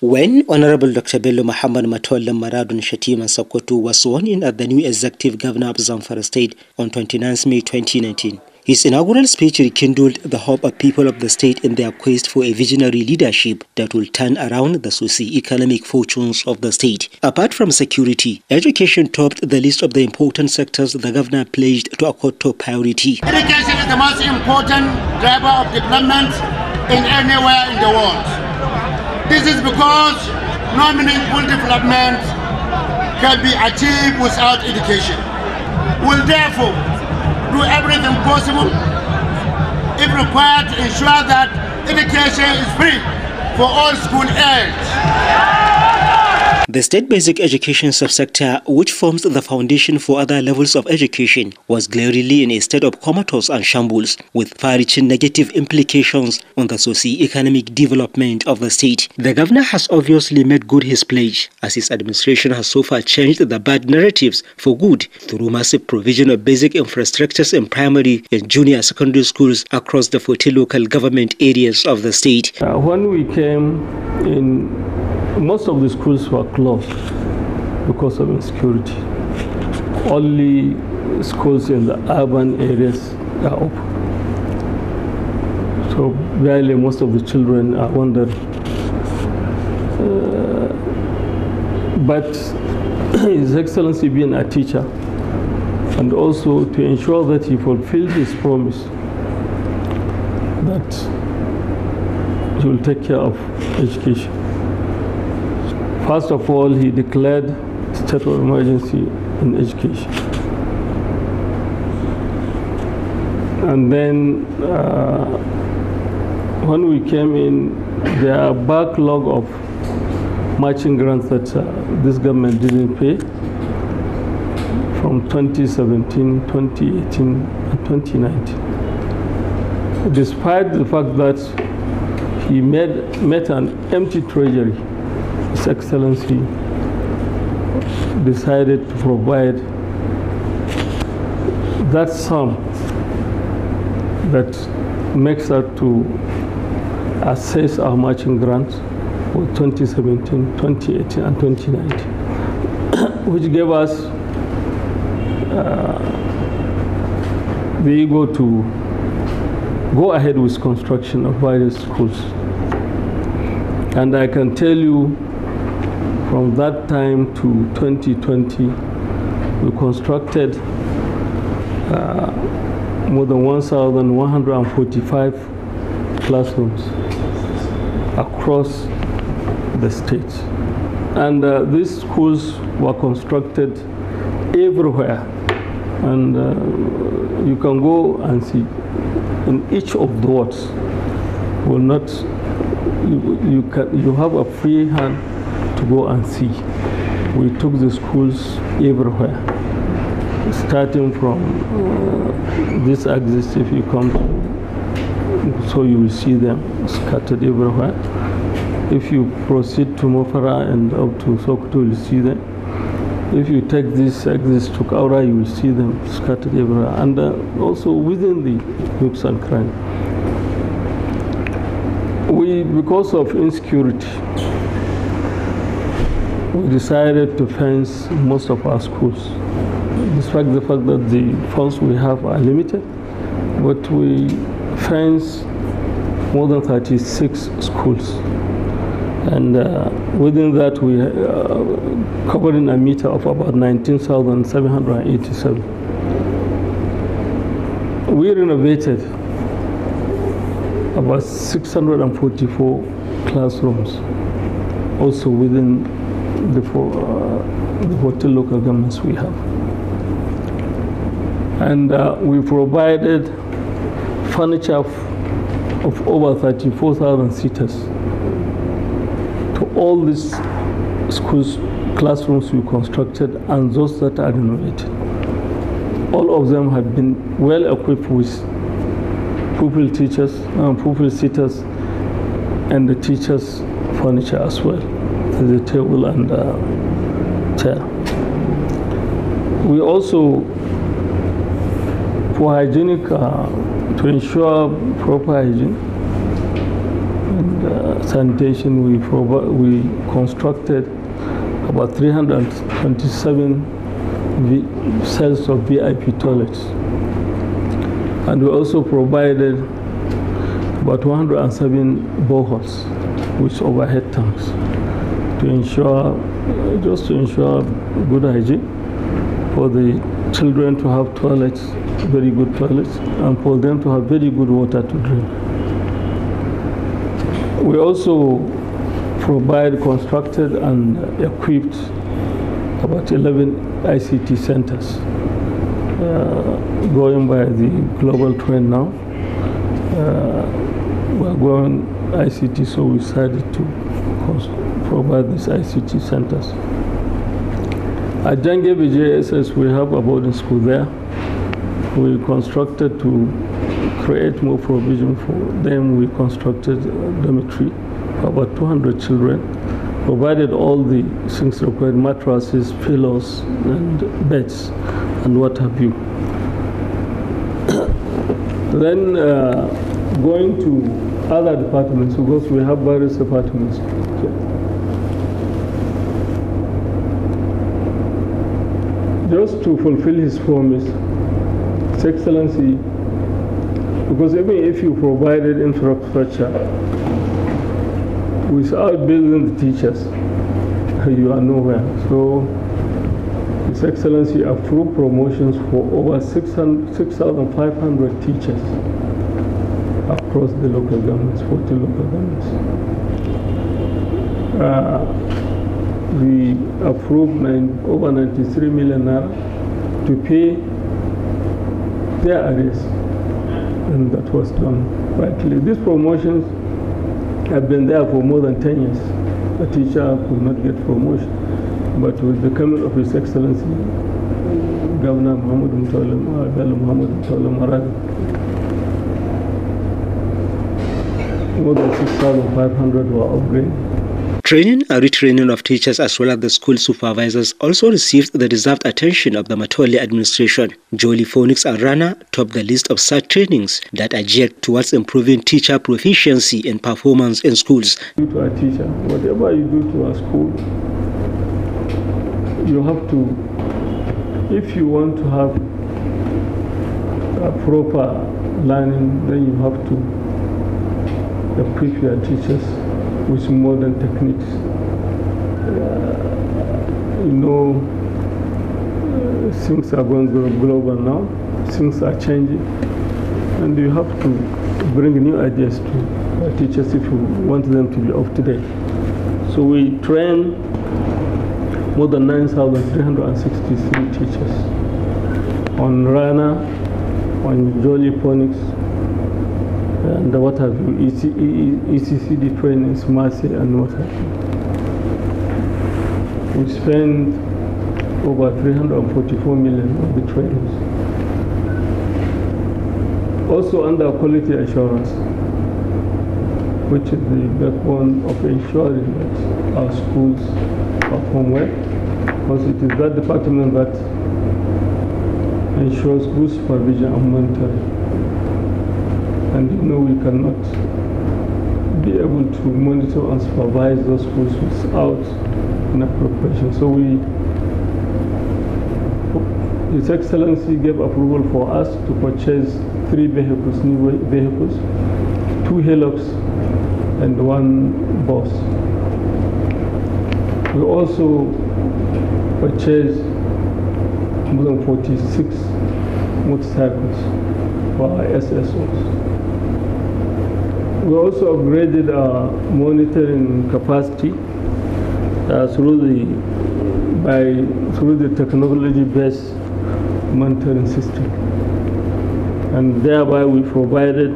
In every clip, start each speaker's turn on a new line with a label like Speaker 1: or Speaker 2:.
Speaker 1: When Honorable Dr. Bello Muhammad Matola Maradun Shatima Sokoto was sworn in as the new executive governor of Zamfara State on 29 May 2019, his inaugural speech rekindled the hope of people of the state in their quest for a visionary leadership that will turn around the socio-economic fortunes of the state. Apart from security, education topped the list of the important sectors the governor pledged to accord top priority. Education is the most important driver of development in anywhere in the world. This is because no meaningful development can be achieved without education. We'll therefore do everything possible if required to ensure that education is free for all school age. The state basic education subsector, which forms the foundation for other levels of education, was glaringly in a state of comatose and shambles, with far-reaching negative implications on the socio-economic development of the state. The governor has obviously made good his pledge, as his administration has so far changed the bad narratives for good through massive provision of basic infrastructures in primary and junior secondary schools across the 40 local government areas of the state. Uh,
Speaker 2: when we came in most of the schools were closed because of insecurity. Only schools in the urban areas are open. So barely most of the children are wondering. Uh, but His Excellency being a teacher, and also to ensure that he fulfills his promise that he will take care of education. First of all, he declared state of emergency in education. And then uh, when we came in, there are backlog of matching grants that uh, this government didn't pay from 2017, 2018, and 2019. Despite the fact that he made, met an empty treasury his Excellency decided to provide that sum that makes up to assess our matching grants for 2017, 2018, and 2019, which gave us uh, the ego to go ahead with construction of various schools. And I can tell you from that time to 2020, we constructed uh, more than 1,145 classrooms across the state. And uh, these schools were constructed everywhere. And uh, you can go and see in each of the wards will not, you, you, can, you have a free hand to go and see. We took the schools everywhere, starting from uh, this exit. If you come, to, so you will see them scattered everywhere. If you proceed to Mofara and up to Sokoto, you will see them. If you take this exit to Kaura, you will see them scattered everywhere, and uh, also within the nooks and crannies we because of insecurity we decided to fence most of our schools. Despite the fact that the funds we have are limited, but we fence more than 36 schools. And uh, within that, we covered uh, covering a meter of about 19,787. We renovated about 644 classrooms also within the, four, uh, the local governments we have. And uh, we provided furniture of, of over 34,000 seaters to all these schools, classrooms we constructed and those that are renovated. All of them have been well equipped with pupil teachers, um, pupil seaters, and the teachers' furniture as well the table and uh, chair. We also, for hygienic, uh, to ensure proper hygiene and uh, sanitation, we, we constructed about 327 cells of VIP toilets. And we also provided about 107 boreholes with overhead tanks to ensure, just to ensure good hygiene for the children to have toilets, very good toilets, and for them to have very good water to drink. We also provide constructed and equipped about 11 ICT centers uh, going by the global trend now. Uh, we're going ICT, so we decided to provide these ICT centers. At Jangebi JSS, we have a boarding school there. We constructed to create more provision for them. We constructed a dormitory for about 200 children, provided all the things required, mattresses, pillows, and beds, and what have you. then uh, going to other departments because we have various departments. Just to fulfill his promise, His Excellency, because even if you provided infrastructure without building the teachers, you are nowhere. So his Excellency approved promotions for over 6,500 6, teachers across the local governments, 40 local governments. Uh, we approved nine, over 93 million naira to pay their arrears, and that was done rightly. These promotions have been there for more than 10 years. A teacher could not get promotion, but with the coming of His Excellency, Governor Muhammad Mutawallim, Muhammad Mutawallim more than 6,500 were upgraded.
Speaker 1: Training and retraining of teachers as well as the school supervisors also received the deserved attention of the Matoli administration. Jolie Phoenix and Rana topped the list of such trainings that are geared towards improving teacher proficiency and performance in schools. to a teacher, whatever you
Speaker 2: do to a school, you have to, if you want to have a proper learning, then you have to the previous teachers with modern techniques. Uh, you know, uh, things are going global now, things are changing, and you have to bring new ideas to teachers if you want them to be up to date. So we train more than 9,363 teachers on RANA, on Jolly Phonics, and what have you, ECCD trainings, MASE and what have you. We spend over 344 million on the trainings. Also under quality assurance, which is the backbone of ensuring that our schools perform well, because it is that department that ensures good supervision and monitoring you no, we cannot be able to monitor and supervise those schools without an appropriation. So we, His Excellency gave approval for us to purchase three vehicles, new vehicles, two Hilux and one bus. We also purchased more than 46 motorcycles for our SSOs. We also upgraded our monitoring capacity uh, through the by through the technology-based monitoring system, and thereby we provided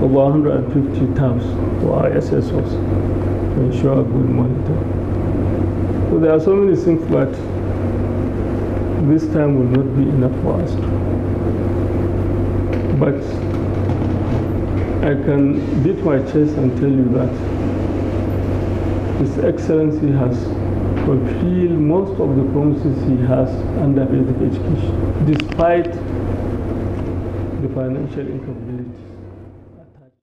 Speaker 2: over 150 tabs for our SSOs to ensure a good monitor. So there are so many things, but this time will not be enough for us. can beat my chest and tell you that His Excellency has fulfilled most of the promises he has under basic
Speaker 1: education, despite the financial inconvenience.